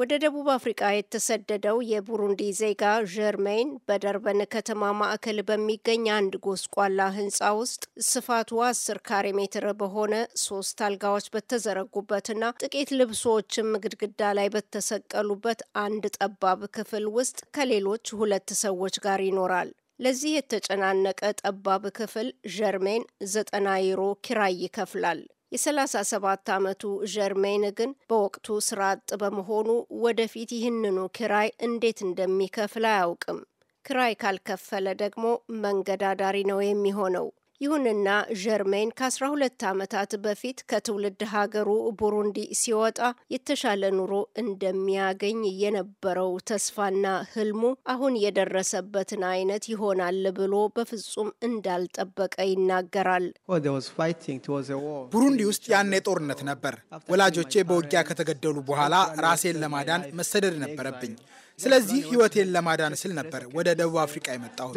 ወደ ደቡብ አፍሪቃ የተሰደደው የቡሩንዲ ዜጋ ዠርሜን በደርበን ከተማ ማዕከል በሚገኝ አንድ ጎስቋላ ሕንፃ ውስጥ ስፋቱ አስር ካሬ ሜትር በሆነ ሶስት አልጋዎች በተዘረጉበትና ጥቂት ልብሶችም ግድግዳ ላይ በተሰቀሉበት አንድ ጠባብ ክፍል ውስጥ ከሌሎች ሁለት ሰዎች ጋር ይኖራል። ለዚህ የተጨናነቀ ጠባብ ክፍል ዠርሜን ዘጠና ዩሮ ኪራይ ይከፍላል። የ37 ዓመቱ ጀርሜን ግን በወቅቱ ስራ አጥ በመሆኑ ወደፊት ይህንኑ ክራይ እንዴት እንደሚከፍል አያውቅም። ክራይ ካልከፈለ ደግሞ መንገዳዳሪ ነው የሚሆነው። ይሁንና ጀርሜን ከ12 ዓመታት በፊት ከትውልድ ሀገሩ ቡሩንዲ ሲወጣ የተሻለ ኑሮ እንደሚያገኝ የነበረው ተስፋና ህልሙ አሁን የደረሰበትን አይነት ይሆናል ብሎ በፍጹም እንዳልጠበቀ ይናገራል። ቡሩንዲ ውስጥ ያኔ ጦርነት ነበር። ወላጆቼ በውጊያ ከተገደሉ በኋላ ራሴን ለማዳን መሰደድ ነበረብኝ። ስለዚህ ህይወቴን ለማዳን ስል ነበር ወደ ደቡብ አፍሪቃ የመጣሁት።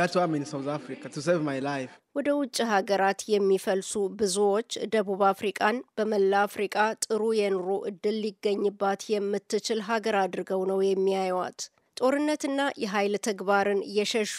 ወደ ውጭ ሀገራት የሚፈልሱ ብዙዎች ደቡብ አፍሪቃን በመላ አፍሪቃ ጥሩ የኑሮ እድል ሊገኝባት የምትችል ሀገር አድርገው ነው የሚያዩዋት። ጦርነትና የኃይል ተግባርን የሸሹ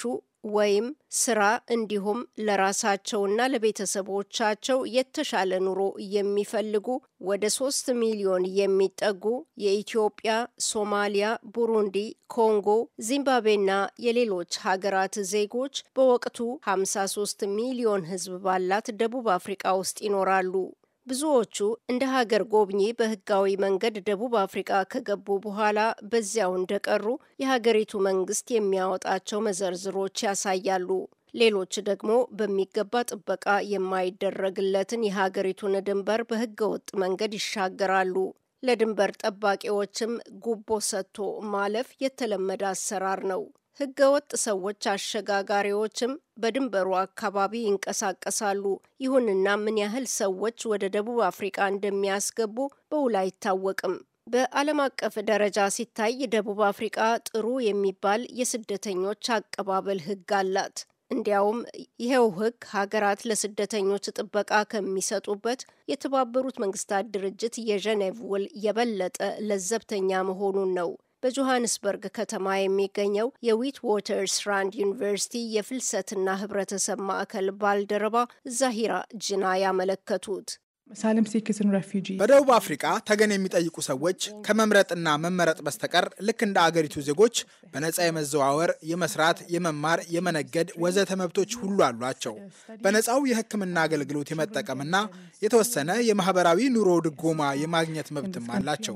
ወይም ስራ እንዲሁም ለራሳቸውና ለቤተሰቦቻቸው የተሻለ ኑሮ የሚፈልጉ ወደ ሶስት ሚሊዮን የሚጠጉ የኢትዮጵያ፣ ሶማሊያ፣ ቡሩንዲ፣ ኮንጎ፣ ዚምባብዌና የሌሎች ሀገራት ዜጎች በወቅቱ 53 ሚሊዮን ህዝብ ባላት ደቡብ አፍሪቃ ውስጥ ይኖራሉ። ብዙዎቹ እንደ ሀገር ጎብኚ በህጋዊ መንገድ ደቡብ አፍሪቃ ከገቡ በኋላ በዚያው እንደቀሩ የሀገሪቱ መንግስት የሚያወጣቸው መዘርዝሮች ያሳያሉ። ሌሎች ደግሞ በሚገባ ጥበቃ የማይደረግለትን የሀገሪቱን ድንበር በህገወጥ መንገድ ይሻገራሉ። ለድንበር ጠባቂዎችም ጉቦ ሰጥቶ ማለፍ የተለመደ አሰራር ነው። ህገወጥ ሰዎች አሸጋጋሪዎችም በድንበሩ አካባቢ ይንቀሳቀሳሉ። ይሁንና ምን ያህል ሰዎች ወደ ደቡብ አፍሪቃ እንደሚያስገቡ በውል አይታወቅም። በዓለም አቀፍ ደረጃ ሲታይ ደቡብ አፍሪቃ ጥሩ የሚባል የስደተኞች አቀባበል ህግ አላት። እንዲያውም ይኸው ህግ ሀገራት ለስደተኞች ጥበቃ ከሚሰጡበት የተባበሩት መንግስታት ድርጅት የዠኔቭ ውል የበለጠ ለዘብተኛ መሆኑን ነው። በጆሃንስበርግ ከተማ የሚገኘው የዊት ራንድ ዩኒቨርሲቲ የፍልሰትና ህብረተሰብ ማዕከል ባልደረባ ዛሂራ ጅና ያመለከቱት በደቡብ አፍሪቃ ተገን የሚጠይቁ ሰዎች ከመምረጥና መመረጥ በስተቀር ልክ እንደ አገሪቱ ዜጎች በነፃ የመዘዋወር፣ የመስራት፣ የመማር፣ የመነገድ ወዘተ መብቶች ሁሉ አሏቸው። በነፃው የሕክምና አገልግሎት የመጠቀምና የተወሰነ የማህበራዊ ኑሮ ድጎማ የማግኘት መብትም አላቸው።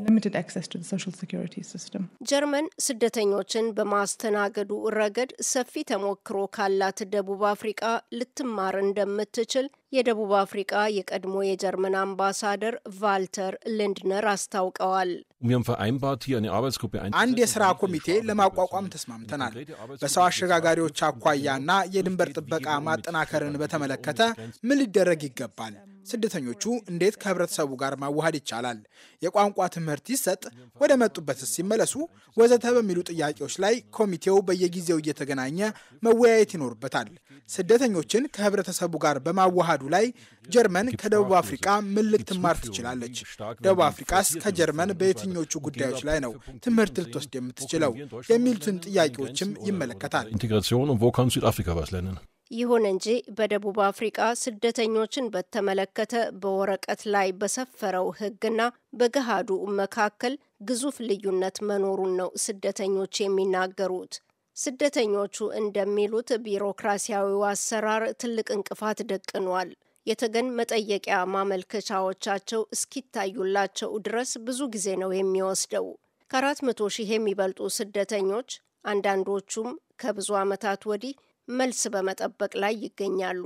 ጀርመን ስደተኞችን በማስተናገዱ ረገድ ሰፊ ተሞክሮ ካላት ደቡብ አፍሪቃ ልትማር እንደምትችል የደቡብ አፍሪቃ የቀድሞ የጀርመን አምባሳደር ቫልተር ሊንድነር አስታውቀዋል። አንድ የስራ ኮሚቴ ለማቋቋም ተስማምተናል። በሰው አሸጋጋሪዎች አኳያና የድንበር ጥበቃ ማጠናከርን በተመለከተ ምን ሊደረግ ይገባል? ስደተኞቹ እንዴት ከህብረተሰቡ ጋር ማዋሃድ ይቻላል? የቋንቋ ትምህርት ይሰጥ? ወደ መጡበት ሲመለሱ? ወዘተ በሚሉ ጥያቄዎች ላይ ኮሚቴው በየጊዜው እየተገናኘ መወያየት ይኖርበታል። ስደተኞችን ከህብረተሰቡ ጋር በማዋሃዱ ላይ ጀርመን ከደቡብ አፍሪቃ ምን ልትማር ትችላለች? ደቡብ አፍሪቃስ ከጀርመን በየትኞቹ ጉዳዮች ላይ ነው ትምህርት ልትወስድ የምትችለው? የሚሉትን ጥያቄዎችም ይመለከታል። ይሁን እንጂ በደቡብ አፍሪቃ ስደተኞችን በተመለከተ በወረቀት ላይ በሰፈረው ሕግና በገሃዱ መካከል ግዙፍ ልዩነት መኖሩን ነው ስደተኞች የሚናገሩት። ስደተኞቹ እንደሚሉት ቢሮክራሲያዊው አሰራር ትልቅ እንቅፋት ደቅኗል። የተገን መጠየቂያ ማመልከቻዎቻቸው እስኪታዩላቸው ድረስ ብዙ ጊዜ ነው የሚወስደው። ከአራት መቶ ሺህ የሚበልጡ ስደተኞች አንዳንዶቹም ከብዙ ዓመታት ወዲህ መልስ በመጠበቅ ላይ ይገኛሉ።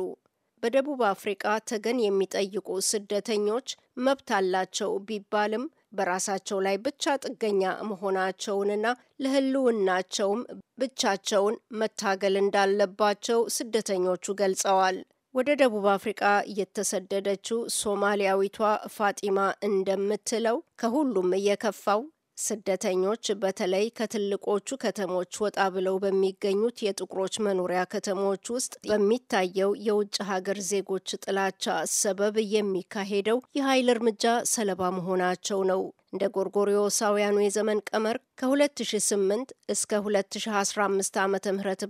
በደቡብ አፍሪቃ ተገን የሚጠይቁ ስደተኞች መብት አላቸው ቢባልም በራሳቸው ላይ ብቻ ጥገኛ መሆናቸውንና ለሕልውናቸውም ብቻቸውን መታገል እንዳለባቸው ስደተኞቹ ገልጸዋል። ወደ ደቡብ አፍሪቃ የተሰደደችው ሶማሊያዊቷ ፋጢማ እንደምትለው ከሁሉም እየከፋው። ስደተኞች በተለይ ከትልቆቹ ከተሞች ወጣ ብለው በሚገኙት የጥቁሮች መኖሪያ ከተሞች ውስጥ በሚታየው የውጭ ሀገር ዜጎች ጥላቻ ሰበብ የሚካሄደው የኃይል እርምጃ ሰለባ መሆናቸው ነው። እንደ ጎርጎሪዮሳውያኑ የዘመን ቀመር ከ2008 እስከ 2015 ዓ ም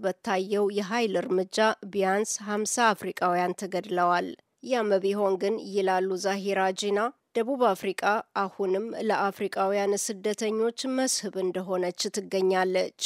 በታየው የኃይል እርምጃ ቢያንስ 50 አፍሪቃውያን ተገድለዋል። ያም ቢሆን ግን ይላሉ ዛሂራ ጂና ደቡብ አፍሪቃ አሁንም ለአፍሪቃውያን ስደተኞች መስህብ እንደሆነች ትገኛለች።